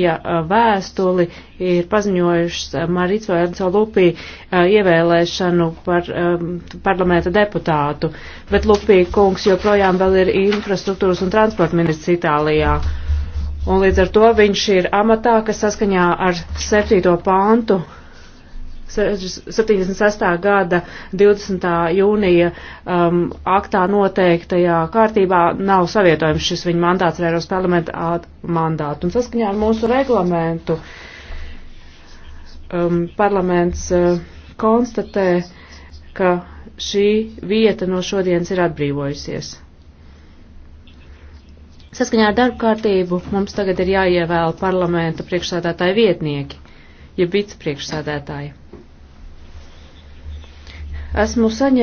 ja vēstuli ir paziņojušas Marico Erco Lupī ievēlēšanu par um, parlamenta deputātu, bet Lupī kungs joprojām vēl ir infrastruktūras un transporta ministrs Itālijā. Un līdz ar to viņš ir amatā, kas saskaņā ar 7. pāntu 76. gada 20. jūnija um, aktā noteiktajā kārtībā nav savietojums šis viņa mandāts ar Eiropas parlamenta mandātu. Un saskaņā ar mūsu reglamentu um, parlaments uh, konstatē, ka šī vieta no šodienas ir atbrīvojusies. Saskaņā ar darbu kārtību mums tagad ir jāievēl parlamenta priekšsādātāja vietnieki, jeb ja vicepriekšsādātāja. Esmu saņēmis.